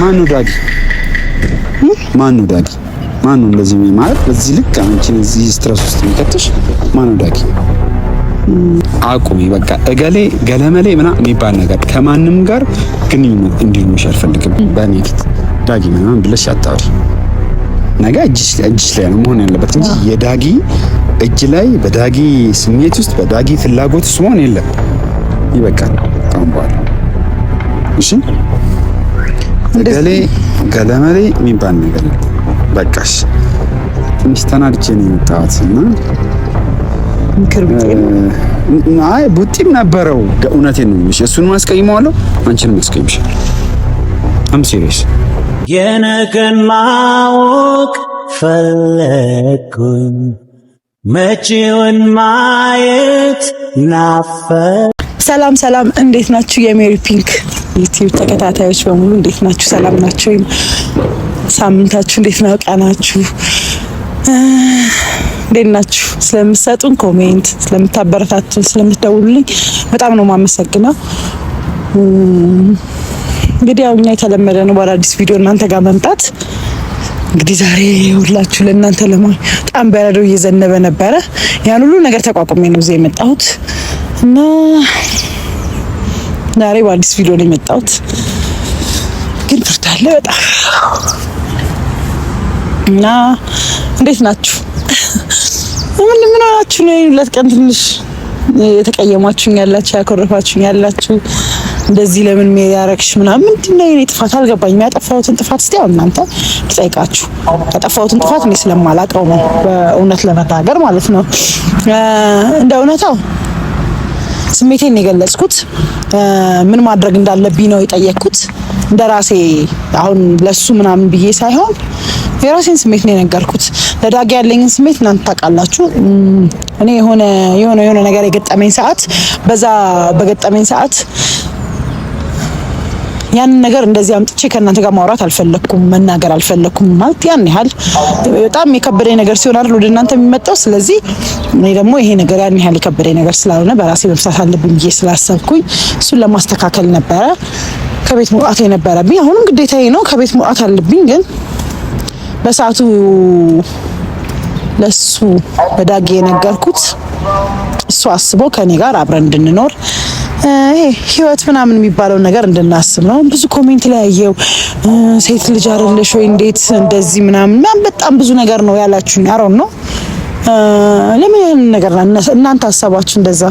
ማን ነው ዳጊ? ማን ነው ዳጊ? ማን እንደዚህ ማለት በዚህ ልክ አንቺ እዚህ ስትረስ ውስጥ የሚከትሽ ማን ነው ዳጊ? አቁሚ በቃ እገሌ ገለመሌ ምና የሚባል ነገር ከማንም ጋር ግንኙነት እንዲኖርሽ አልፈልግም። በእኔ ፊት ዳጊ ምናምን ብለሽ አታውሪ። ነገ እጅሽ ላይ ነው መሆን ያለበት እንጂ የዳጊ እጅ ላይ በዳጊ ስሜት ውስጥ በዳጊ ፍላጎት ውስጥ መሆን የለም። ይበቃል። ካሁን በኋላ እሺ ገሌ ገለመሌ የሚባል ነገር በቃሽ። ትንሽ ተናድጄ ነው የመጣሁት እና አይ ቡጢም ነበረው። እውነቴን ነው የምልሽ። እሱን ማስቀይመዋለሁ፣ አንቺንም ማስቀይምሻለሁ። አም ሲሪየስ የነገን ማወቅ ፈለግኩኝ፣ መቼውን ማየት ናፈ ሰላም ሰላም፣ እንዴት ናችሁ? የሜሪ ፒንክ ዩቲዩብ ተከታታዮች በሙሉ እንዴት ናችሁ? ሰላም ናችሁ? ሳምንታችሁ እንዴት ነው? ቀናችሁ እንዴት ናችሁ? ስለምትሰጡን ኮሜንት፣ ስለምታበረታቱን፣ ስለምትደውሉልኝ በጣም ነው የማመሰግነው። እንግዲህ ያው እኛ የተለመደ ነው በአዳዲስ ቪዲዮ እናንተ ጋር መምጣት። እንግዲህ ዛሬ ሁላችሁ ለእናንተ ለማ በጣም በረዶ እየዘነበ ነበረ። ያን ሁሉ ነገር ተቋቁሜ ነው እዚህ የመጣሁት እና ዛሬ በአዲስ ቪዲዮ ነው የመጣሁት። ግን ብርድ አለ በጣም እና እንዴት ናችሁ? ምን ምን ሆናችሁ ነው? ሁለት ቀን ትንሽ የተቀየማችሁኝ ያላችሁ ያኮረፋችሁኝ ያላችሁ እንደዚህ ለምን ሜሪ ያረግሽ ምናምን ምንድን ነው የኔ ጥፋት አልገባኝም። ያጠፋሁትን ጥፋት እስቲ አሁን እናንተ ይጠይቃችሁ። ያጠፋሁትን ጥፋት እኔ ስለማላውቀው ነው በእውነት ለመናገር ማለት ነው እንደ እውነታው ስሜቴን የገለጽኩት ምን ማድረግ እንዳለብኝ ነው የጠየቅኩት። እንደ ራሴ አሁን ለሱ ምናምን ብዬ ሳይሆን የራሴን ስሜት ነው የነገርኩት። ለዳጊ ያለኝን ስሜት እናንተ ታውቃላችሁ። እኔ የሆነ የሆነ የሆነ ነገር የገጠመኝ ሰዓት በዛ በገጠመኝ ሰዓት ያንን ነገር እንደዚህ አምጥቼ ከእናንተ ጋር ማውራት አልፈለኩም፣ መናገር አልፈለኩም። ማለት ያን ያህል በጣም የከበደኝ ነገር ሲሆን አይደል ወደ እናንተ የሚመጣው። ስለዚህ እኔ ደግሞ ይሄ ነገር ያን ያህል የከበደኝ ነገር ስላልሆነ በራሴ መፍታት አለብኝ ብዬ ስላሰብኩኝ እሱን ለማስተካከል ነበረ ከቤት መውጣት የነበረብኝ። አሁንም ግዴታዬ ነው፣ ከቤት መውጣት አለብኝ። ግን በሰዓቱ ለሱ በዳጌ የነገርኩት እሱ አስቦ ከኔ ጋር አብረን እንድንኖር ይሄ ህይወት ምናምን የሚባለውን ነገር እንድናስብ ነው። ብዙ ኮሜንት ላይ ያየው ሴት ልጅ አይደለሽ ወይ እንዴት እንደዚህ ምናምን ምናምን በጣም ብዙ ነገር ነው ያላችሁኝ። አሮን ነው ለምን ያንን ነገር እናንተ ሀሳባችሁ እንደዛ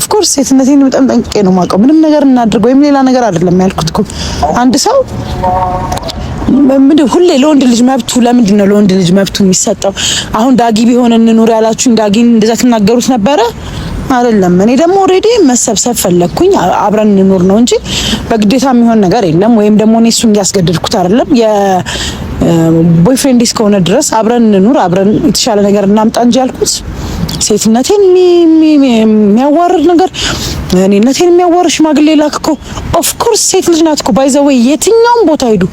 ኦፍኮርስ ሴትነቴን በጣም ጠንቅቄ ነው የማውቀው። ምንም ነገር እናድርግ ወይም ሌላ ነገር አይደለም ያልኩት እኮ አንድ ሰው ምንድን ሁሌ ለወንድ ልጅ መብቱ ለምንድን ነው ለወንድ ልጅ መብቱ የሚሰጠው? አሁን ዳጊ ቢሆን እንኑር ያላችሁ ዳጊን እንደዛ ትናገሩት ነበረ። አይደለም። እኔ ደግሞ ኦልሬዲ መሰብሰብ ፈለግኩኝ አብረን እንኖር ነው እንጂ በግዴታ የሚሆን ነገር የለም። ወይም ደግሞ እኔ እሱን እያስገደድኩት አይደለም። የቦይፍሬንድ እስከሆነ ድረስ አብረን እንኖር፣ አብረን የተሻለ ነገር እናምጣ እንጂ ያልኩት ሴትነቴን የሚያዋርድ ነገር እኔነቴን የሚያዋር ሽማግሌ ላክ እኮ ኦፍኮርስ ሴት ልጅ ናት እኮ ባይዘወይ የትኛውም ቦታ ሄዱ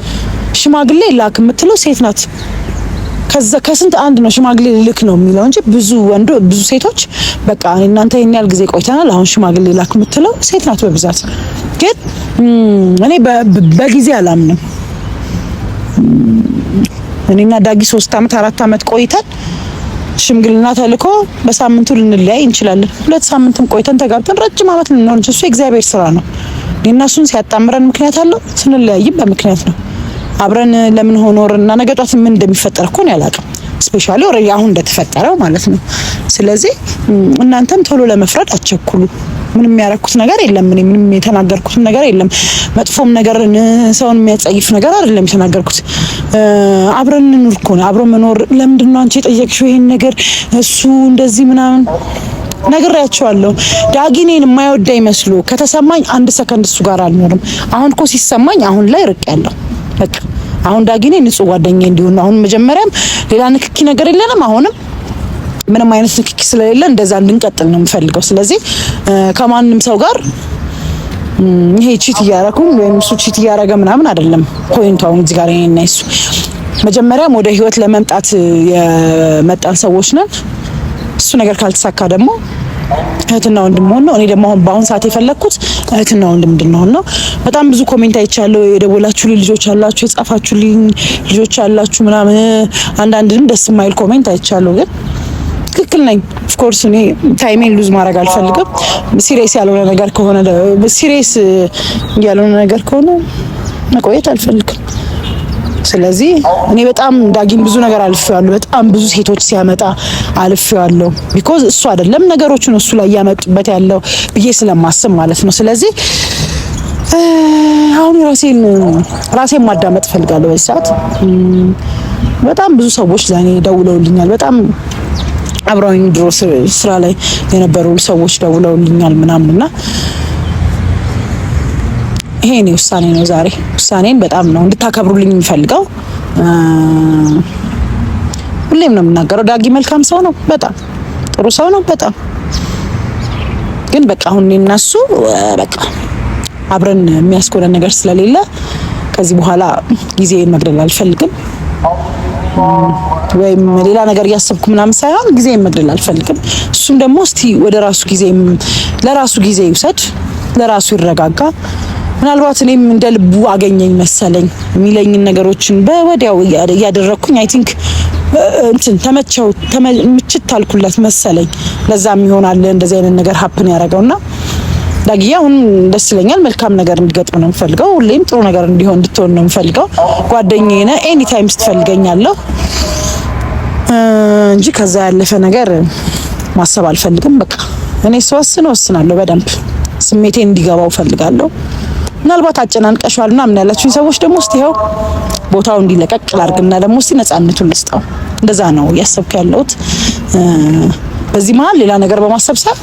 ሽማግሌ ላክ የምትለው ሴት ናት። ከዛ ከስንት አንድ ነው ሽማግሌ ልልክ ነው የሚለው እንጂ ብዙ ወንዶ ብዙ ሴቶች በቃ እናንተ ይሄን ያህል ጊዜ ቆይተናል፣ አሁን ሽማግሌ ላክ የምትለው ሴት ናት በብዛት። ግን እኔ በጊዜ አላምንም። እኔና ዳጊ ሶስት አመት አራት አመት ቆይተን ሽምግልና ተልኮ በሳምንቱ ልንለያይ እንችላለን። ሁለት ሳምንትም ቆይተን ተጋብተን ረጅም አመት ልንሆን እሱ የእግዚአብሔር ስራ ነው። እኔና እሱን ሲያጣምረን ምክንያት አለው፣ ስንለያይም በምክንያት ነው። አብረን ለምን ሆኖር እና ነገ ጧት ምን እንደሚፈጠር እኮ ነው ያላቅም ስፔሻሊ ኦልሬዲ አሁን እንደተፈጠረው ማለት ነው። ስለዚህ እናንተም ቶሎ ለመፍረድ አትቸኩሉ። ምንም ያረኩት ነገር የለም። እኔ ምንም የተናገርኩት ነገር የለም። መጥፎም ነገር ሰውን የሚያጸይፍ ነገር አይደለም የተናገርኩት። አብረን እንኑር እኮ ነው አብሮ መኖር። ለምንድን ነው አንቺ የጠየቅሽው ይሄን ነገር እሱ እንደዚህ ምናምን ነግሬያቸዋለሁ። ዳጊኔን የማይወዳ ይመስሉ ከተሰማኝ አንድ ሰከንድ እሱ ጋር አልኖርም። አሁን እኮ ሲሰማኝ አሁን ላይ ርቅ ያለው በቃ አሁን ዳጊኔ ንጹህ ጓደኛ እንዲሆን አሁን መጀመሪያም ሌላ ንክኪ ነገር የለንም። አሁንም ምንም አይነት ንክኪ ስለሌለ እንደዛ እንድንቀጥል ነው የምፈልገው። ስለዚህ ከማንም ሰው ጋር ይሄ ቺት እያረኩም ወይም እሱ ቺት እያረገ ምናምን አይደለም ፖይንቱ። አሁን እዚህ ጋር እኔና እሱ መጀመሪያም ወደ ህይወት ለመምጣት የመጣን ሰዎች ነን። እሱ ነገር ካልተሳካ ደግሞ እህትና ወንድም መሆን ነው። እኔ ደግሞ አሁን በአሁን ሰዓት የፈለግኩት እህትና ወንድም እንድንሆን ነው። በጣም ብዙ ኮሜንት አይቻለሁ። የደወላችሁልኝ ልጆች አላችሁ፣ የጻፋችሁልኝ ልጆች አላችሁ ምናምን። አንዳንድም ደስ የማይል ኮሜንት አይቻለሁ ግን ትክክል ነኝ። ኦፍኮርስ እኔ ታይሜን ሉዝ ማድረግ አልፈልግም። ሲሬስ ያልሆነ ነገር ከሆነ ሲሬስ ያልሆነ ነገር ከሆነ መቆየት አልፈልግም። ስለዚህ እኔ በጣም ዳጊን ብዙ ነገር አልፌዋለሁ። በጣም ብዙ ሴቶች ሲያመጣ አልፌዋለሁ። ቢኮዝ እሱ አይደለም ነገሮችን እሱ ላይ እያመጡበት ያለው ብዬ ስለማስብ ማለት ነው። ስለዚህ አሁን ራሴን ራሴን ማዳመጥ ፈልጋለሁ። በዚህ ሰዓት በጣም ብዙ ሰዎች ለኔ ደውለውልኛል። በጣም አብረውኝ ድሮ ስራ ላይ የነበሩ ሰዎች ደውለውልኛል ምናምንና ይሄ እኔ ውሳኔ ነው። ዛሬ ውሳኔን በጣም ነው እንድታከብሩልኝ የምፈልገው። ሁሌም ነው የምናገረው፣ ዳጊ መልካም ሰው ነው፣ በጣም ጥሩ ሰው ነው። በጣም ግን በቃ አሁን እነሱ በቃ አብረን የሚያስኮለን ነገር ስለሌለ ከዚህ በኋላ ጊዜን መግደል አልፈልግም፣ ወይም ሌላ ነገር እያሰብኩ ምናምን ሳይሆን ጊዜን መግደል አልፈልግም። እሱም ደግሞ እስቲ ወደ ራሱ ጊዜ ለራሱ ጊዜ ይውሰድ፣ ለራሱ ይረጋጋ። ምናልባት እኔም እንደ ልቡ አገኘኝ መሰለኝ የሚለኝን ነገሮችን በወዲያው እያደረግኩኝ አይ ቲንክ እንትን ተመቸው ምችት ታልኩለት መሰለኝ። ለዛም ይሆናል እንደዚህ አይነት ነገር ሀፕን ና ዳግዬ አሁን ደስ ይለኛል። መልካም ነገር እንዲገጥም ነው የምፈልገው። ሁሌም ጥሩ ነገር እንዲሆን እንድትሆን ነው የምፈልገው። ጓደኛዬ ነህ፣ ኤኒ ታይም ስትፈልገኛለሁ እንጂ ከዛ ያለፈ ነገር ማሰብ አልፈልግም። በቃ እኔ ሰው ወስናለሁ። በደንብ ስሜቴን እንዲገባው ፈልጋለሁ። ምናልባት አጨናንቀሻል ምናምን ያላችሁኝ ሰዎች ደግሞ እስቲ ይኸው ቦታው እንዲለቀቅ ላድርግና ደግሞ እስቲ ነፃነቱን ልስጠው። እንደዛ ነው እያሰብኩ ያለሁት። በዚህ መሀል ሌላ ነገር በማሰብሰብ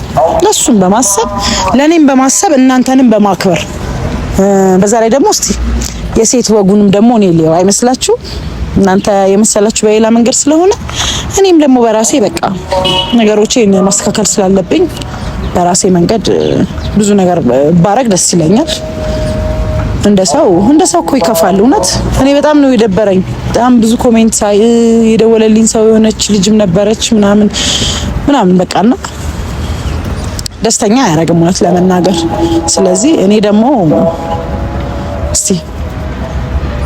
ለሱም በማሰብ ለኔም በማሰብ እናንተንም በማክበር በዛ ላይ ደግሞ እስቲ የሴት ወጉንም ደግሞ እኔ ሊየው አይመስላችሁ እናንተ የመሰላችሁ በሌላ መንገድ ስለሆነ እኔም ደግሞ በራሴ በቃ ነገሮቼን ማስተካከል ስላለብኝ በራሴ መንገድ ብዙ ነገር ባረግ ደስ ይለኛል። እንደ ሰው እንደ ሰው እኮ ይከፋል። እውነት እኔ በጣም ነው የደበረኝ። በጣም ብዙ ኮሜንት ሳይ የደወለልኝ ሰው የሆነች ልጅም ነበረች ምናምን ምናምን በቃና ደስተኛ አያደርግም እውነት ለመናገር። ስለዚህ እኔ ደግሞ እስቲ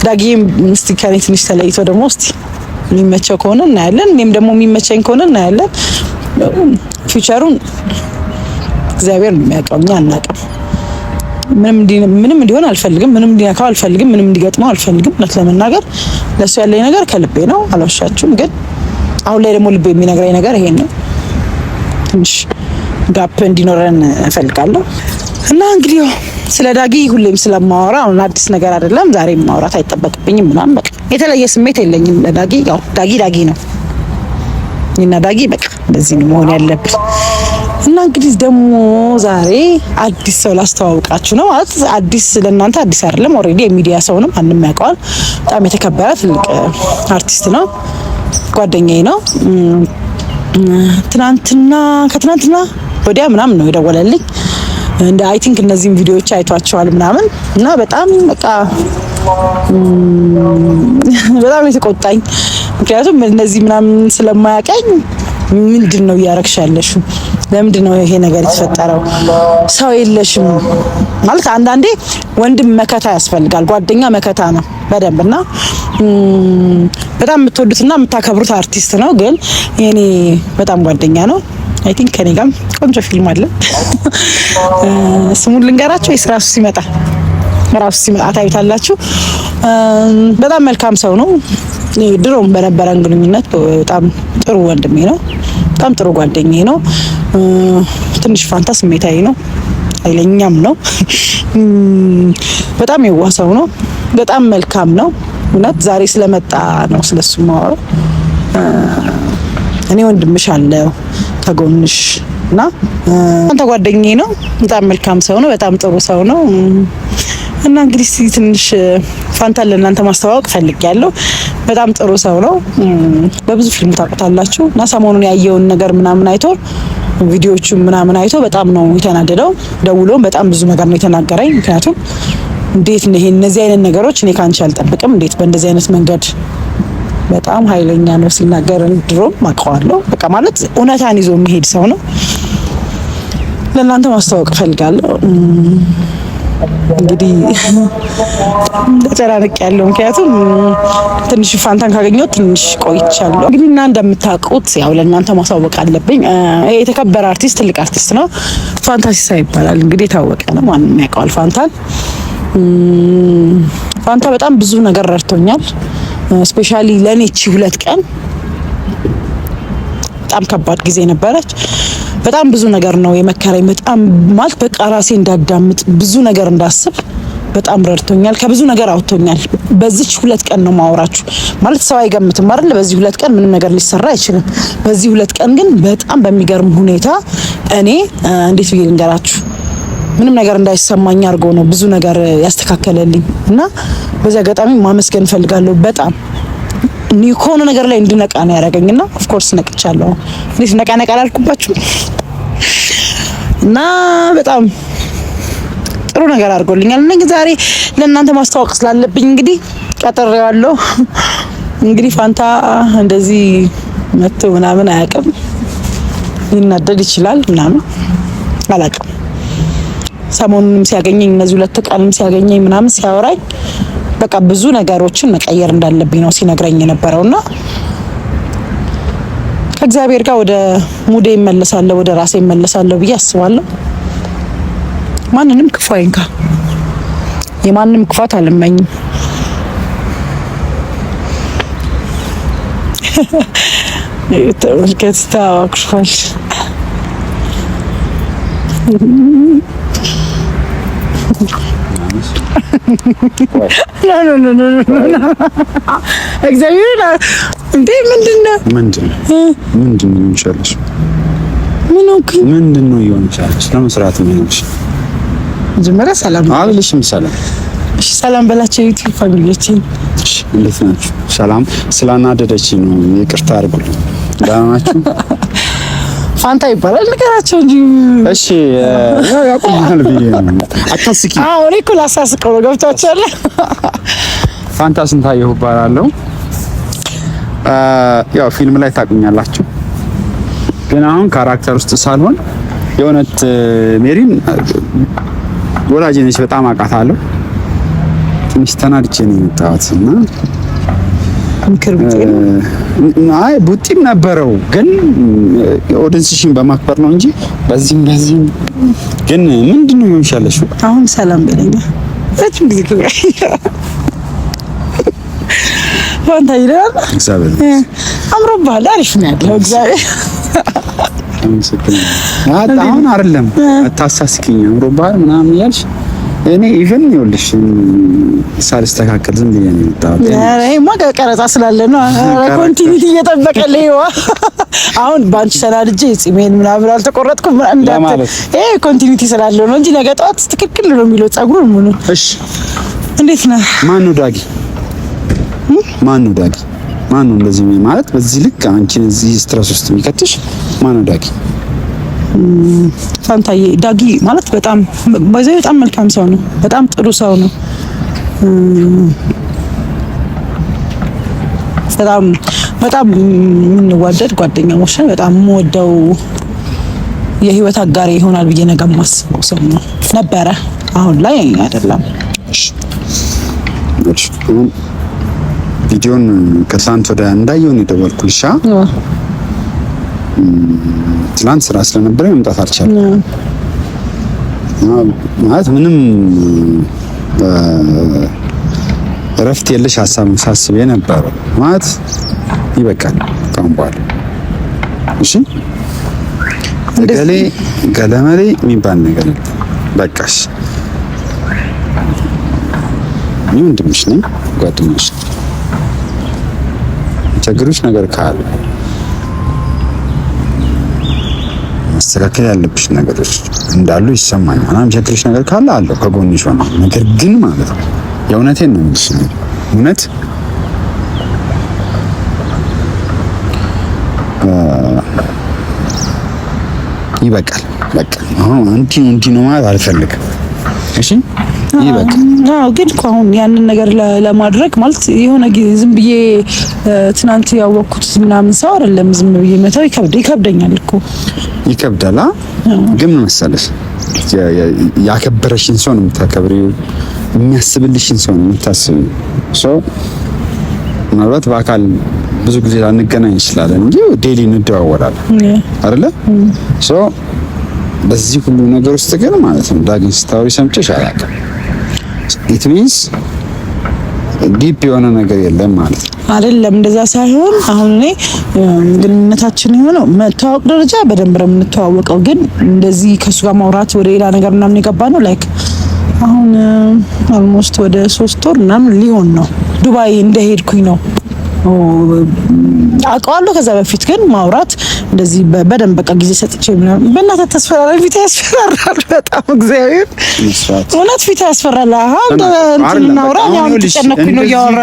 ዳጊም እስቲ ከኔ ትንሽ ተለይቶ ደግሞ እስቲ የሚመቸው ከሆነ እናያለን። እኔም ደግሞ የሚመቸኝ ከሆነ እናያለን። ፊውቸሩን እግዚአብሔር ነው የሚያውቀው፣ እኛ አናውቅም። ምንም እንዲሆን አልፈልግም፣ ምንም እንዲነካው አልፈልግም፣ ምንም እንዲገጥመው አልፈልግም። እውነት ለመናገር ለእሱ ያለኝ ነገር ከልቤ ነው፣ አልዋሻችሁም። ግን አሁን ላይ ደግሞ ልቤ የሚነግረኝ ነገር ይሄን ነው። ትንሽ ጋፕ እንዲኖረን እፈልጋለሁ እና እንግዲህ ስለ ዳጊ ሁሌም ስለማወራ አሁን አዲስ ነገር አይደለም። ዛሬ ማውራት አይጠበቅብኝም ምናምን በቃ የተለየ ስሜት የለኝም ለዳጊ። ያው ዳጊ ዳጊ ነው እና ዳጊ በቃ እንደዚህ ነው መሆን ያለብን። እና እንግዲህ ደግሞ ዛሬ አዲስ ሰው ላስተዋውቃችሁ ነው። ማለት አዲስ ለእናንተ አዲስ አይደለም፣ ኦልሬዲ የሚዲያ ሰው ነው፣ ማንም ያውቀዋል። በጣም የተከበረ ትልቅ አርቲስት ነው፣ ጓደኛዬ ነው። ትናንትና ከትናንትና ወዲያ ምናምን ነው የደወለልኝ። እንደ አይ ቲንክ እነዚህም ቪዲዮዎች አይቷቸዋል ምናምን እና በጣም በቃ በጣም የተቆጣኝ ምክንያቱም እነዚህ ምናምን ስለማያቀኝ ምንድን ነው እያረግሻለሹ ለምንድን ነው ይሄ ነገር የተፈጠረው? ሰው የለሽም ማለት አንዳንዴ ወንድም መከታ ያስፈልጋል። ጓደኛ መከታ ነው በደንብ እና በጣም የምትወዱትና የምታከብሩት አርቲስት ነው፣ ግን የኔ በጣም ጓደኛ ነው። አይ ቲንክ ከኔ ጋርም ቆንጆ ፊልም አለ። ስሙን ልንገራቸው የስራሱ ሲመጣ ራሱ ሲመጣ ታዩታላችሁ። በጣም መልካም ሰው ነው። ድሮም በነበረን ግንኙነት በጣም ጥሩ ወንድሜ ነው። በጣም ጥሩ ጓደኛዬ ነው። ትንሽ ፋንታ ስሜታዊ ነው፣ ኃይለኛም ነው፣ በጣም የዋህ ሰው ነው፣ በጣም መልካም ነው። እውነት ዛሬ ስለመጣ ነው ስለሱ ማወራው። እኔ ወንድምሽ አለው ከጎንሽ እና አንተ ጓደኛዬ ነው። በጣም መልካም ሰው ነው። በጣም ጥሩ ሰው ነው እና እንግዲህ ትንሽ ፋንታ ለእናንተ ማስተዋወቅ ፈልጌያለሁ። በጣም ጥሩ ሰው ነው። በብዙ ፊልም ታውቁታላችሁ እና ሰሞኑን ያየውን ነገር ምናምን አይቶ ቪዲዮቹ ምናምን አይቶ በጣም ነው የተናደደው። ደውሎም በጣም ብዙ ነገር ነው የተናገረኝ። ምክንያቱም እንዴት ነው ይሄ እነዚህ አይነት ነገሮች እኔ ካንቺ አልጠብቅም፣ እንዴት በእንደዚህ አይነት መንገድ በጣም ኃይለኛ ነው ሲናገር፣ ድሮም አውቀዋለሁ። በቃ ማለት እውነታን ይዞ የሚሄድ ሰው ነው። ለእናንተ ማስታወቅ ፈልጋለሁ። እንግዲህ ተጨናንቅ ያለው ምክንያቱም ትንሽ ፋንታን ካገኘው ትንሽ ቆይቻለሁ። እንግዲህ እና እንደምታውቁት ያው ለእናንተ ማሳወቅ አለብኝ። የተከበረ አርቲስት ትልቅ አርቲስት ነው፣ ፋንታ ሲሳ ይባላል። እንግዲህ የታወቀ ነው፣ ማንም ያውቀዋል ፋንታን። ፋንታ በጣም ብዙ ነገር ረድቶኛል። ስፔሻሊ ለእኔ እቺ ሁለት ቀን በጣም ከባድ ጊዜ ነበረች። በጣም ብዙ ነገር ነው የመከረኝ። በጣም ማለት በቃ ራሴ እንዳዳምጥ ብዙ ነገር እንዳስብ በጣም ረድቶኛል። ከብዙ ነገር አውጥቶኛል። በዚች ሁለት ቀን ነው ማወራችሁ ማለት ሰው አይገምትም አይደል? በዚህ ሁለት ቀን ምንም ነገር ሊሰራ አይችልም። በዚህ ሁለት ቀን ግን በጣም በሚገርም ሁኔታ እኔ እንዴት ብዬ ልንገራችሁ ምንም ነገር እንዳይሰማኝ አድርጎ ነው ብዙ ነገር ያስተካከለልኝ እና በዚህ አጋጣሚ ማመስገን እፈልጋለሁ በጣም ከሆነ ነገር ላይ እንድነቃ ነው ያደረገኝ ኦፍኮርስ ነቅቻለሁ። እንዴት ነቃ ነቃ አላልኩባችሁ እና በጣም ጥሩ ነገር አድርጎልኛል። እና ዛሬ ለእናንተ ማስተዋወቅ ስላለብኝ እንግዲህ ቀጥሬዋለሁ። እንግዲህ ፋንታ እንደዚህ መቶ ምናምን አያውቅም። ሊናደድ ይችላል ምናምን አላውቅም። ሰሞኑንም ሲያገኘኝ እነዚህ ሁለት ቀንም ሲያገኘኝ ምናምን ሲያወራኝ በቃ ብዙ ነገሮችን መቀየር እንዳለብኝ ነው ሲነግረኝ የነበረውና ከእግዚአብሔር ጋር ወደ ሙዴ ይመለሳለሁ፣ ወደ ራሴ ይመለሳለሁ ብዬ አስባለሁ። ማንንም ክፉ አይንካ። የማንም ክፋት አልመኝም። ተመልከት፣ ታዋክሽል እግዚአብሔር እንዴ! ምንድን ነው ምንድን ነው ምንድን ነው ይሆንሻለሽ? ምን ኦኬ፣ ምንድን ነው ይሆንሻለሽ? ለመስራት ነው ይሆንሽ። መጀመሪያ ሰላም አልልሽም። ሰላም እሺ፣ ሰላም በላቸው ዩቲዩብ ፋሚሊዎቼ፣ እንዴት ናችሁ? ሰላም። ስላናደደች ነው ይቅርታ አድርጉልኝ። ደህና ናችሁ? ፋንታ ይባላል። ንገራቸው እንጂ እሺ። ያቆማል ብዬ አታስቂ። አዎ እኔ እኮ ላሳስቀው ነው። ገብታችኋል። ፋንታ ስንታየሁ እባላለሁ። ያው ፊልም ላይ ታቁኛላችሁ፣ ግን አሁን ካራክተር ውስጥ ሳልሆን የእውነት ሜሪን ወላጅ ነች፣ በጣም አውቃታለሁ። ትንሽ ተናድቼ ነው የመጣሁት እና ምክር ክርቢቴም አይ ቡጢም ነበረው፣ ግን ኦዲየንስሽን በማክበር ነው እንጂ በዚህም በዚህም ግን ምንድን ነው የሚሻለሽ? አሁን ሰላም በለኝ። በጣም ጊዜ ክብራ ወንታ ይላል እግዚአብሔር አምሮብሃል። አሪፍ ነው ያለው እግዚአብሔር አሁን አይደለም አታሳስቂኝ፣ አምሮብሃል ምናምን እያልሽ እኔ ኢቨን ይኸውልሽ ሳልስተካከል ዝም ብዬ ነው የመጣሁት። ኧረ ይሄማ ቀረጻ ስላለ ነው። ኧረ ኮንቲኒቲ እየጠበቀልኝ ይኸው አሁን በአንቺ ተናድጄ ጺሜን ምናምን አልተቆረጥኩም እንዳትል። ይሄ ኮንቲኒቲ ስላለ ነው እንጂ ነገ ጠዋት ትክክል ነው የሚለው ጸጉሩን ምኑ። እሺ እንዴት ነህ? ማን ነው ዳጊ? ማን ነው ዳጊ? ማን ነው እንደዚህ ማለት በዚህ ልክ አንቺን እዚህ ስትረስ ውስጥ የሚከትሽ ማን ነው ዳጊ? ፋንታዬ ዳጊ ማለት በጣም በዚህ በጣም መልካም ሰው ነው። በጣም ጥሩ ሰው ነው። በጣም በጣም የምንዋደድ ጓደኛሞች ነን። በጣም የምወደው የህይወት አጋሪ ይሆናል ብዬ ነገ የማስበው ሰው ነው ነበረ። አሁን ላይ አይደለም። ቪዲዮን ከትላንት ወደ እንዳየውን የደወልኩልሻ ትላንት ስራ ስለነበረ መምጣት አልቻልኩም። ማለት ምንም እረፍት የለሽ ሀሳብ ሳስብ የነበረ ማለት ይበቃል ካሁን በኋላ እሺ፣ ገሌ ገለመሌ የሚባል ነገር በቃሽ። እኔ ወንድምሽ ነኝ፣ ጓደኛሽ ነኝ። ችግሮች ነገር ካሉ ማስተካከል ያለብሽ ነገሮች እንዳሉ ይሰማኝ። ይሰማኛል። የሚቸግርሽ ነገር ካለ አለው ከጎንሽ ሆነ። ነገር ግን ማለት ነው የእውነቴን ነው የምልሽ እውነት ይበቃል። በቃ አሁን አንቺ እንዲህ ነው ማለት አልፈልግም። እሺ ግን እኮ አሁን ያንን ነገር ለማድረግ ማለት የሆነ ዝም ብዬ ትናንት ያወቅኩት ምናምን ሰው አይደለም። ዝም ብዬ መተው ይከብደኛል እኮ ይከብዳል። ግን መሰለሽ ያከበረሽን ሰው ነው የምታከብሪው፣ የሚያስብልሽን ሰው ነው የምታስብ። ምናልባት በአካል ብዙ ጊዜ ላንገናኝ እንችላለን እንጂ ዴሊ እንደዋወላለን አይደለ? ሰው በዚህ ሁሉ ነገር ውስጥ ግን ማለት ነው ዳግም ስታወሪ ሰምቼሽ አላውቅም። ኢት ሚንስ ዲፕ የሆነ ነገር የለም ማለት ነው። አይደለም እንደዛ ሳይሆን አሁን እኔ ግንኙነታችን የሆነው መተዋወቅ ደረጃ በደንብ ነው የምንተዋወቀው፣ ግን እንደዚህ ከእሱ ጋር ማውራት ወደ ሌላ ነገር ምናምን የገባ ነው ላይክ አሁን አልሞስት uh, ወደ ሶስት ወር ምናምን ሊሆን ነው ዱባይ እንደሄድኩኝ ነው አውቀዋለሁ። ከዛ በፊት ግን ማውራት እንደዚህ በደንብ በቃ ጊዜ ሰጥቼ ምናምን በእናተ ተስፈራራ። ፊት ያስፈራራል በጣም እግዚአብሔር እውነት ፊት ያስፈራል። አሁን እንትን እናውራ። አሁን ተጨነኩኝ ነው እያወራ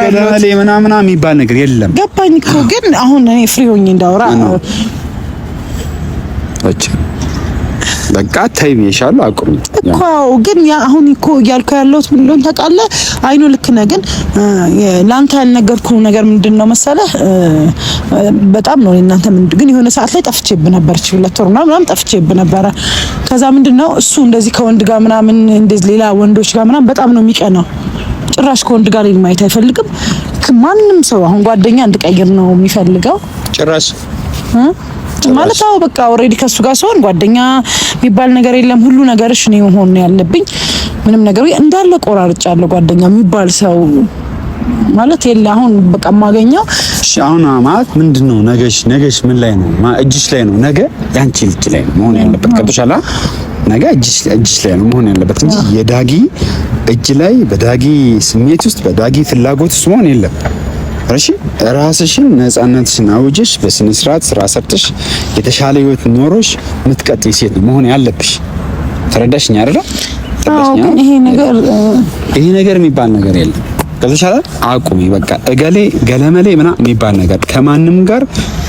ምናምን የሚባል ነገር የለም። ገባኝ እኮ ግን አሁን እኔ ፍሪ ሆኜ እንዳውራ ነው በቃ ታይ ብዬሻለሁ፣ አቁም እኮ ግን ያ አሁን እኮ እያልኩ ያለሁት ምን እንደሆነ ታውቃለህ? አይኑ ልክ ነህ፣ ግን ላንተ ያልነገርኩ ነገር ምንድን ነው መሰለህ? በጣም ነው እናንተ ምን ግን የሆነ ሰዓት ላይ ጠፍቼብህ ነበር፣ ችግለት ነው ምናምን ጠፍቼብህ ነበረ። ከዛ ምንድን ነው እሱ እንደዚህ ከወንድ ጋር ምናምን እንደዚህ ሌላ ወንዶች ጋር ምናምን በጣም ነው የሚቀናው። ጭራሽ ከወንድ ጋር ማየት አይፈልግም። ማንም ሰው አሁን ጓደኛ እንድቀይር ነው የሚፈልገው ጭራሽ ማለት አዎ በቃ ኦልሬዲ ከሱ ጋር ሲሆን ጓደኛ የሚባል ነገር የለም። ሁሉ ነገርሽ እኔ መሆን ነው ያለብኝ። ምንም ነገር እንዳለ ቆራርጫ አለ ጓደኛ የሚባል ሰው ማለት የለ። አሁን በቃ የማገኘው እሺ። አሁን ማለት ምንድን ነው ነገሽ? ነገሽ ምን ላይ ነው? እጅሽ ላይ ነው። ነገ ያንቺ ልጅ ላይ ነው መሆን ያለበት። ገብቶሻል? ነገ እጅሽ ላይ ነው መሆን ያለበት እንጂ የዳጊ እጅ ላይ በዳጊ ስሜት ውስጥ በዳጊ ፍላጎት ውስጥ መሆን የለም። እሺ ራስሽን ነጻነትሽን አውጅሽ በስነ ስርዓት ስራ ሰርተሽ የተሻለ ህይወት ኖሮሽ የምትቀጥይ ሴት መሆን ያለብሽ። ተረዳሽኝ አይደል? አዎ። ግን ይሄ ነገር ይሄ ነገር የሚባል ነገር የለም። ከተሻለ አቁሚ። በቃ እገሌ ገለመሌ ምና የሚባል ነገር ከማንም ጋር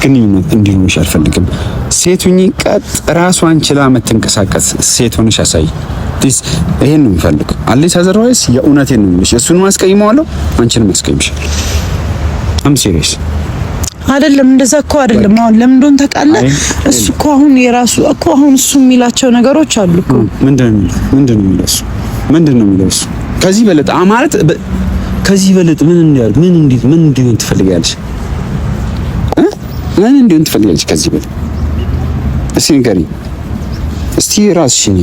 ግንኙነት እንዲኖርሽ አልፈልግም። ሴት ሁኚ፣ ቀጥ ራሷን ችላ የምትንቀሳቀስ ሴት ሆነሽ አሳይ። ዲስ ይሄን ነው የሚፈልግ አለች። አዘርዋይስ የእውነቴን ነው የሚልሽ። እሱን ማስቀይመዋለሁ፣ አንቺንም አስቀይምሻል። አም ሲሪየስ አይደለም። እንደዛ እኮ አይደለም። አሁን ለምን እንደሆነ ታውቃለህ? እሱ እኮ አሁን የራሱ እኮ አሁን እሱ የሚላቸው ነገሮች አሉ እኮ። ምንድን ነው የሚለው እሱ? ምንድን ነው የሚለው እሱ? ከዚህ በለጥ ማለት ከዚህ በለጥ ምን እንዲያል ምን እንዴት ምን እንዲሆን ትፈልጋለች? ምን እንዲሆን ትፈልጋለች? ከዚህ በለጥ እስቲ ንገሪኝ እስቲ ራስሽን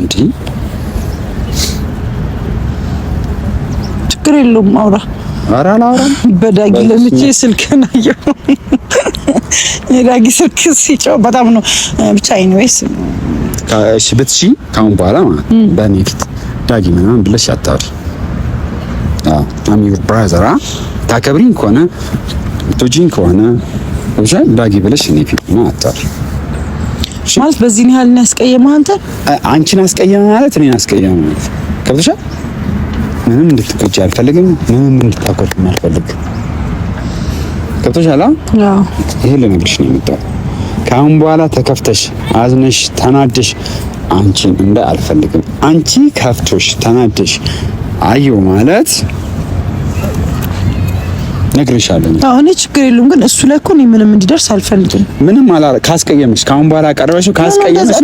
እንዲህ ችግር የለውም። አውራ አራ አውራ በዳጊ ለምቼ ስልክህን አየሁ። የዳጊ ስልክ ሲጮህ በጣም ነው ብቻ። ኤኒዌይስ እሺ ብትሺ ካሁን በኋላ ማለት በእኔ ፊት ዳጊ ምናምን ብለሽ አታውሪ። አዎ አም ዩር ብራዘር ታከብሪኝ ከሆነ ቶጂን ከሆነ ወዛ ዳጊ ብለሽ እኔ ፊት ነው አታውሪ ማለት በዚህ ያህል ነው ያስቀየመህ አንተ አንቺን አስቀየመህ ማለት እኔን አስቀየመህ ማለት ከብተሻል ምንም እንድትጎጂ አልፈልግም። ምንም እንድታኮርም አልፈልግም። ገብቶሻል? አዎ፣ ይሄ ልነግርሽ ነው የመጣሁት። ከአሁን በኋላ ተከፍተሽ፣ አዝነሽ፣ ተናደሽ አንቺን እንደ አልፈልግም። አንቺ ከፍቶሽ ተናደሽ አዩ ማለት ነግሬሻለሁ። አሁን ችግር የለውም ግን እሱ ላይ እኮ እኔ ምንም እንዲደርስ አልፈልግም። ምንም አላ ካስቀየምሽ ካሁን በኋላ ቀርበሽው ካስቀየምሽ፣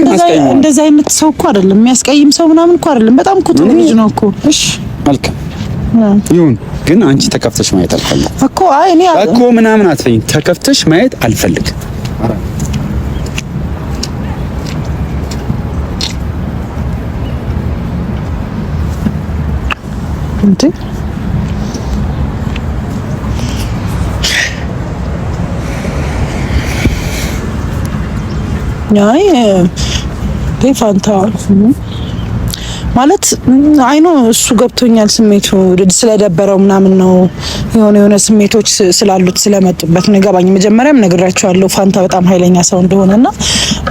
እንደዛ አይነት ሰው እኮ አይደለም የሚያስቀይም ሰው ምናምን እኮ አይደለም። በጣም እኮ ጥሩ ልጅ ነው እኮ እሺ መልካም ይሁን ግን አንቺ ተከፍተሽ ማየት አልፈልግ እኮ አይ እኔ እኮ ምናምን አትፈኝ ተከፍተሽ ማየት አልፈልግ እንዴ አይ ፋንታ ማለት አይኖ እሱ ገብቶኛል። ስሜቱ ስለደበረው ምናምን ነው የሆነ የሆነ ስሜቶች ስላሉት ስለመጡበት ነው የገባኝ። መጀመሪያም ነግራቸዋለሁ ፋንታ በጣም ኃይለኛ ሰው እንደሆነ እና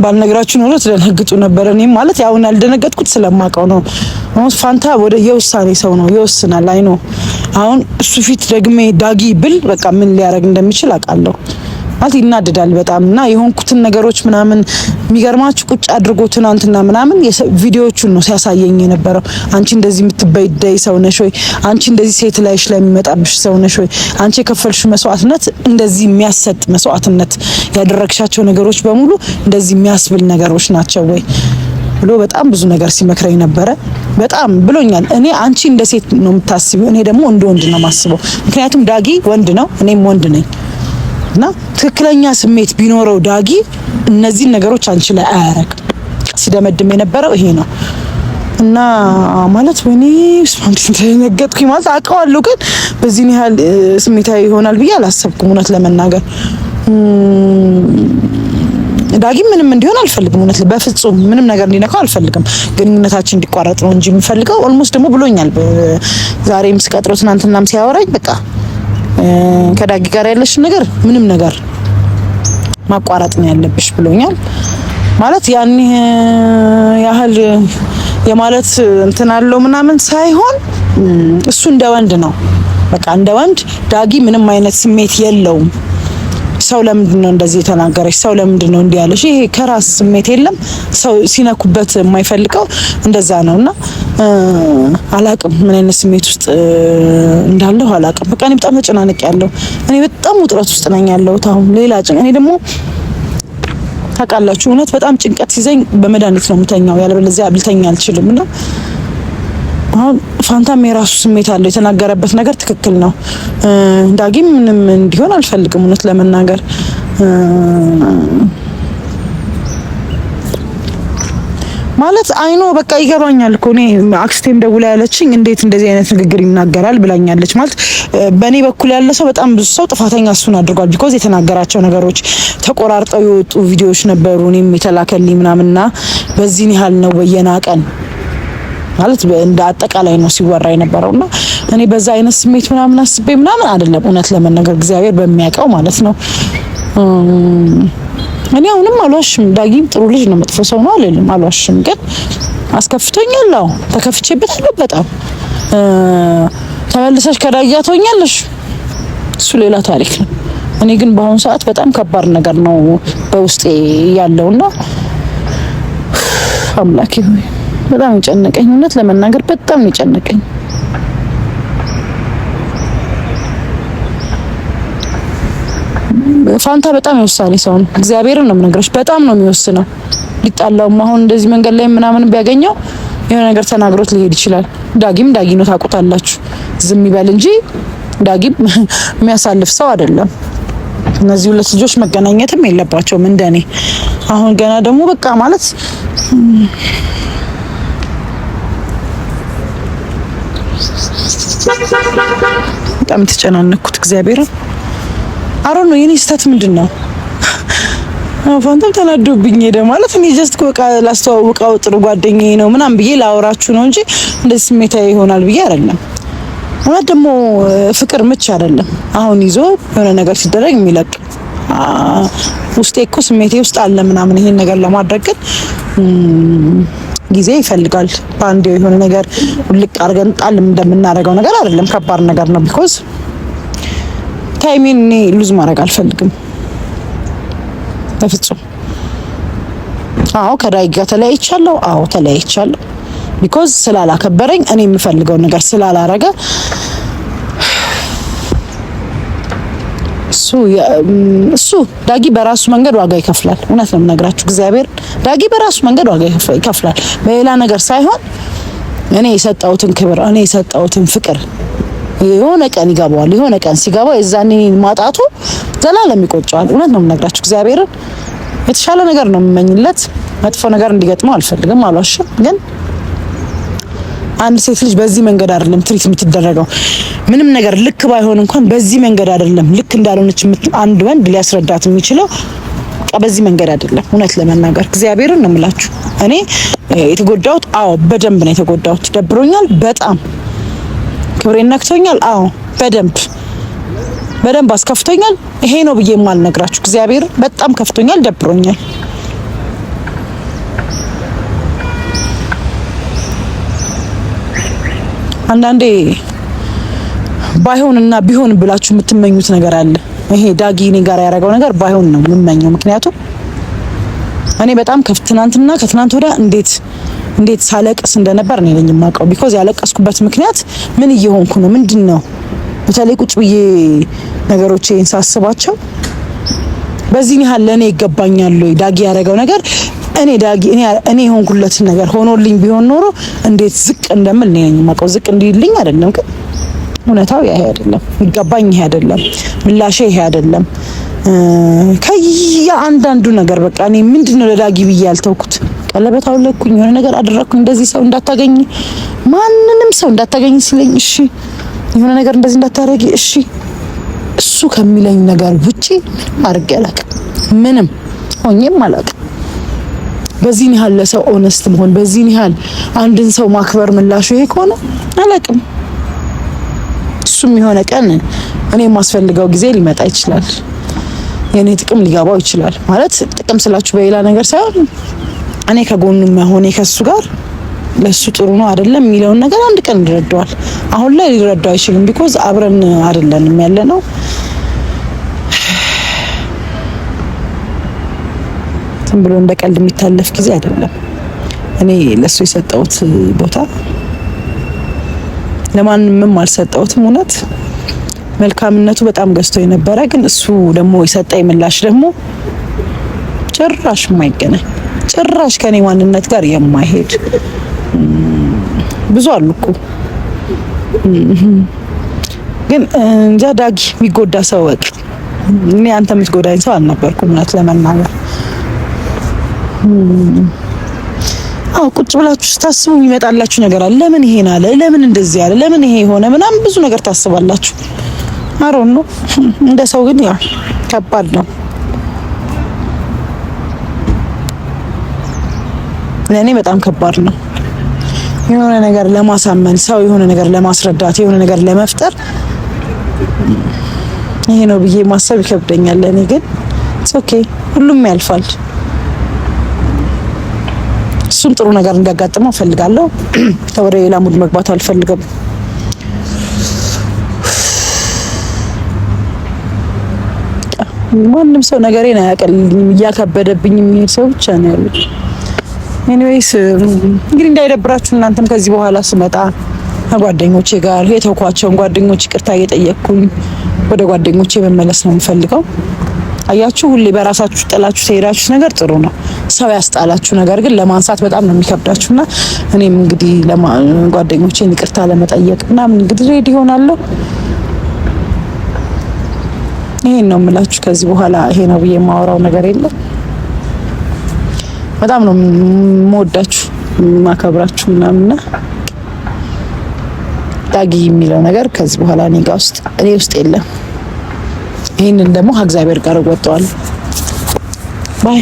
ባልነግራችሁ ኖሮ ስለነግጡ ነበረ። እኔም ማለት ያው ያልደነገጥኩት ስለማውቀው ነው። ፋንታ ወደ የውሳኔ ሰው ነው ይወስናል። አይኖ አሁን እሱ ፊት ደግሜ ዳጊ ብል በቃ ምን ሊያደርግ እንደሚችል አውቃለሁ። ማለት ይናደዳል በጣም እና የሆንኩትን ነገሮች ምናምን የሚገርማችሁ ቁጭ አድርጎ ትናንትና ምናምን ቪዲዮዎቹን ነው ሲያሳየኝ የነበረው። አንቺ እንደዚህ የምትበይደይ ሰው ነሽ ወይ? አንቺ እንደዚህ ሴት ላይሽ ላይ የሚመጣብሽ ሰው ነሽ ወይ? አንቺ የከፈልሽ መስዋዕትነት እንደዚህ የሚያሰጥ መስዋዕትነት ያደረግሻቸው ነገሮች በሙሉ እንደዚህ የሚያስብል ነገሮች ናቸው ወይ ብሎ በጣም ብዙ ነገር ሲመክረኝ ነበረ። በጣም ብሎኛል። እኔ አንቺ እንደ ሴት ነው የምታስቢው፣ እኔ ደግሞ እንደ ወንድ ነው የማስበው። ምክንያቱም ዳጊ ወንድ ነው፣ እኔም ወንድ ነኝ። እና ትክክለኛ ስሜት ቢኖረው ዳጊ እነዚህን ነገሮች አንቺ ላይ አያረግ። ሲደመድም የነበረው ይሄ ነው እና ማለት ወይኔ ስማምት ተነገጥኩ ማለት አውቀዋለሁ፣ ግን በዚህን ያህል ስሜታዊ ይሆናል ብዬ አላሰብኩም። እውነት ለመናገር ዳጊ ምንም እንዲሆን አልፈልግም። እውነት በፍጹም ምንም ነገር እንዲነካው አልፈልግም። ግንኙነታችን እንዲቋረጥ ነው እንጂ የምፈልገው ኦልሞስት ደግሞ ብሎኛል። ዛሬም ስቀጥሮ ትናንትናም ሲያወራኝ በቃ ከዳጊ ጋር ያለሽ ነገር ምንም ነገር ማቋረጥ ነው ያለብሽ ብሎኛል። ማለት ያን ያህል የማለት እንትን አለው ምናምን ሳይሆን እሱ እንደ ወንድ ነው። በቃ እንደ ወንድ ዳጊ ምንም አይነት ስሜት የለውም። ሰው ለምንድን ነው እንደዚህ የተናገረች? ሰው ለምንድን ነው እንዲህ ያለሽ? ይሄ ከራስ ስሜት የለም። ሰው ሲነኩበት የማይፈልገው እንደዛ ነውና አላቅም ምን አይነት ስሜት ውስጥ እንዳለሁ አላቅም። በቃ እኔ በጣም ተጨናነቅ ያለው እኔ በጣም ውጥረት ውስጥ ነኝ ያለሁት አሁን ሌላ ጭንቀት። እኔ ደግሞ ታውቃላችሁ እውነት በጣም ጭንቀት ሲዘኝ በመድኃኒት ነው የምተኛው፣ ያለበለዚያ ልተኛ አልችልም። እና አሁን ፋንታም የራሱ ስሜት አለው። የተናገረበት ነገር ትክክል ነው። ዳጊም ምንም እንዲሆን አልፈልግም እውነት ለመናገር ማለት አይኖ በቃ ይገባኛል እኮ እኔ አክስቴም ደውላ ያለችኝ እንዴት እንደዚህ አይነት ንግግር ይናገራል ብላኛለች። ማለት በእኔ በኩል ያለ ሰው በጣም ብዙ ሰው ጥፋተኛ እሱን አድርጓል። ቢኮዝ የተናገራቸው ነገሮች ተቆራርጠው የወጡ ቪዲዮዎች ነበሩ እኔም የተላከልኝ ምናምንና በዚህን ያህል ነው በየናቀን ማለት እንደ አጠቃላይ ነው ሲወራ የነበረውና እኔ በዛ አይነት ስሜት ምናምን አስቤ ምናምን አይደለም እውነት ለመናገር እግዚአብሔር በሚያውቀው ማለት ነው እኔ አሁንም አልዋሽም። ዳጊም ጥሩ ልጅ ነው፣ መጥፎ ሰው ነው አልልም፣ አልዋሽም። ግን አስከፍቶኛል። አዎ ተከፍቼበታለሁ በጣም ተመልሰሽ ከዳጊ አትሆኛለሽ። እሱ ሌላ ታሪክ ነው። እኔ ግን በአሁኑ ሰዓት በጣም ከባድ ነገር ነው በውስጤ ያለውና አምላኬ ሆይ በጣም የጨነቀኝ እውነት ለመናገር በጣም የጨነቀኝ ፋንታ በጣም የውሳኔ ሰው ነው። እግዚአብሔርን ነው የምነግርሽ፣ በጣም ነው የሚወስነው። ሊጣላውም አሁን እንደዚህ መንገድ ላይ ምናምን ቢያገኘው የሆነ ነገር ተናግሮት ሊሄድ ይችላል። ዳጊም ዳጊ ነው ታውቁታላችሁ። ዝም ይበል እንጂ ዳጊም የሚያሳልፍ ሰው አይደለም። እነዚህ ሁለት ልጆች መገናኘትም የለባቸውም እንደኔ። አሁን ገና ደግሞ በቃ ማለት በጣም የተጨናነኩት እግዚአብሔርን አሮ ነው የኔ ስህተት ምንድን ነው? ፋንታም ተናዶብኝ ሄደ ማለት እኔ ጀስት በቃ ላስተዋውቀው ጥሩ ጓደኛዬ ነው ምናምን ብዬ ላወራችሁ ነው እንጂ እንደዚህ ስሜታዊ ይሆናል ብዬ አይደለም። እውነት ደግሞ ፍቅር ምች አይደለም። አሁን ይዞ የሆነ ነገር ሲደረግ የሚለቅ ውስጤ እኮ ስሜቴ ውስጥ አለ ምናምን። ይሄን ነገር ለማድረግ ግን ጊዜ ይፈልጋል። በአንዴው የሆነ ነገር ውልቅ አድርገን ጣል እንደምናደርገው ነገር አይደለም። ከባድ ነገር ነው ቢኮዝ ታይሜን እኔ ሉዝ ማድረግ አልፈልግም በፍጹም። አዎ ከዳይ ጋር ተለያይቻለሁ። አዎ ተለያይቻለሁ። ቢኮዝ ስላላከበረኝ እኔ የምፈልገውን ነገር ስላላረገ እሱ እሱ ዳጊ በራሱ መንገድ ዋጋ ይከፍላል። እውነት ነው የምነግራችሁ እግዚአብሔር ዳጊ በራሱ መንገድ ዋጋ ይከፍላል። በሌላ ነገር ሳይሆን እኔ የሰጠሁትን ክብር እኔ የሰጠሁትን ፍቅር የሆነ ቀን ይገባዋል። የሆነ ቀን ሲገባ የዛኔ ማጣቱ ዘላለም ይቆጨዋል። እውነት ነው የምነግራችሁ። እግዚአብሔርን የተሻለ ነገር ነው የምመኝለት። መጥፎ ነገር እንዲገጥመው አልፈልግም፣ አልዋሽም። ግን አንድ ሴት ልጅ በዚህ መንገድ አይደለም ትሪት የምትደረገው። ምንም ነገር ልክ ባይሆን እንኳን በዚህ መንገድ አይደለም ልክ እንዳልሆነች አንድ ወንድ ሊያስረዳት የሚችለው በዚህ መንገድ አይደለም። እውነት ለመናገር እግዚአብሔርን ነው የምላችሁ። እኔ የተጎዳሁት አዎ፣ በደንብ ነው የተጎዳሁት። ደብሮኛል በጣም ክብሬን ነክቶኛል። አዎ በደንብ በደንብ አስከፍቶኛል። ይሄ ነው ብዬ የማልነግራችሁ እግዚአብሔር በጣም ከፍቶኛል፣ ደብሮኛል። አንዳንዴ ባይሆንና ቢሆን ብላችሁ የምትመኙት ነገር አለ። ይሄ ዳጊ እኔ ጋር ያደረገው ነገር ባይሆን ነው የምመኘው። ምክንያቱም እኔ በጣም ከትናንትና ከትናንት ወዲያ እንዴት እንዴት ሳለቅስ እንደነበር እኔ ነኝ የማውቀው። ቢኮዝ ያለቀስኩበት ምክንያት ምን እየሆንኩ ነው ምንድን ነው በተለይ ቁጭ ብዬ ነገሮቼን ሳስባቸው በዚህ ያህል ለእኔ ይገባኛል ወይ ዳጊ ያደረገው ነገር እኔ ዳጊ እኔ እኔ የሆንኩለትን ነገር ሆኖልኝ ቢሆን ኖሮ እንዴት ዝቅ እንደምል እኔ ነኝ የማውቀው። ዝቅ እንዲልኝ አይደለም ግን እውነታው ይሄ አይደለም፣ ይገባኝ ይሄ አይደለም፣ ምላሼ ይሄ አይደለም። ከያ አንዳንዱ ነገር በቃ እኔ ምንድነው ለዳጊ ብዬ ያልተውኩት ቀለበት አውለኩኝ፣ የሆነ ነገር አደረኩኝ፣ እንደዚህ ሰው እንዳታገኝ፣ ማንንም ሰው እንዳታገኝ ሲለኝ እሺ፣ የሆነ ነገር እንደዚህ እንዳታረጊ እሺ፣ እሱ ከሚለኝ ነገር ውጪ አድርጌ አላውቅም። ምንም ሆኜም አላውቅም። በዚህን ያህል ለሰው ኦነስት መሆን፣ በዚህን ያህል አንድን ሰው ማክበር ምላሹ ይሄ ከሆነ አላውቅም። እሱም የሆነ ቀን እኔ የማስፈልገው ጊዜ ሊመጣ ይችላል። የኔ ጥቅም ሊገባው ይችላል። ማለት ጥቅም ስላችሁ በሌላ ነገር ሳይሆን እኔ ከጎኑ መሆኔ ከሱ ጋር ለሱ ጥሩ ነው አይደለም የሚለውን ነገር አንድ ቀን ይረዳዋል። አሁን ላይ ሊረዳው አይችልም። ቢኮዝ አብረን አይደለንም ያለ ነው። ዝም ብሎ እንደ ቀልድ የሚታለፍ ጊዜ አይደለም። እኔ ለሱ የሰጠሁት ቦታ ለማንምም አልሰጠሁትም። እውነት መልካምነቱ በጣም ገዝቶ የነበረ ግን እሱ ደግሞ የሰጠኝ ምላሽ ደግሞ ጭራሽ የማይገናኝ ጭራሽ ከኔ ማንነት ጋር የማይሄድ ብዙ አሉ እኮ። ግን እንጃ ዳጊ የሚጎዳ ሰው ወቅ እኔ አንተ የምትጎዳኝ ሰው አልነበርኩም፣ እውነት ለመናገር አዎ ቁጭ ብላችሁ ስታስቡ የሚመጣላችሁ ነገር አለ። ለምን ይሄን አለ፣ ለምን እንደዚህ አለ፣ ለምን ይሄ ሆነ ምናምን ብዙ ነገር ታስባላችሁ። አሮን ነው እንደ ሰው ግን ያው ከባድ ነው። ለእኔ በጣም ከባድ ነው። የሆነ ነገር ለማሳመን ሰው የሆነ ነገር ለማስረዳት የሆነ ነገር ለመፍጠር ይሄ ነው ብዬ ማሰብ ይከብደኛል። ለእኔ ግን ኦኬ ሁሉም ያልፋል። እሱም ጥሩ ነገር እንዲያጋጥመው እፈልጋለሁ። ተወደ ሌላ ሙድ መግባት አልፈልግም። ማንም ሰው ነገሬን አያቀልልኝም። እያከበደብኝ የሚሄድ ሰው ብቻ ነው ያሉት። ኤኒዌይስ um, እንግዲህ እንዳይደብራችሁ እናንተም ከዚህ በኋላ ስመጣ ከጓደኞቼ ጋር የተውኳቸውን ጓደኞች ይቅርታ እየጠየቅኩኝ ወደ ጓደኞቼ መመለስ ነው የምፈልገው። አያችሁ፣ ሁሌ በራሳችሁ ጥላችሁ ትሄዳችሁት ነገር ጥሩ ነው። ሰው ያስጣላችሁ ነገር ግን ለማንሳት በጣም ነው የሚከብዳችሁ እና እኔም እንግዲህ ጓደኞቼን ይቅርታ ለመጠየቅ ምናምን እንግዲህ ሬዲ ይሆናለሁ። ይሄን ነው የምላችሁ። ከዚህ በኋላ ይሄ ነው ብዬ የማወራው ነገር የለም። በጣም ነው የምወዳችሁ ማከብራችሁ ምናምንና ዳጊ የሚለው ነገር ከዚህ በኋላ እኔ ጋር ውስጥ እኔ ውስጥ የለም። ይህንን ደግሞ ከእግዚአብሔር ጋር ወጥተዋል ባይ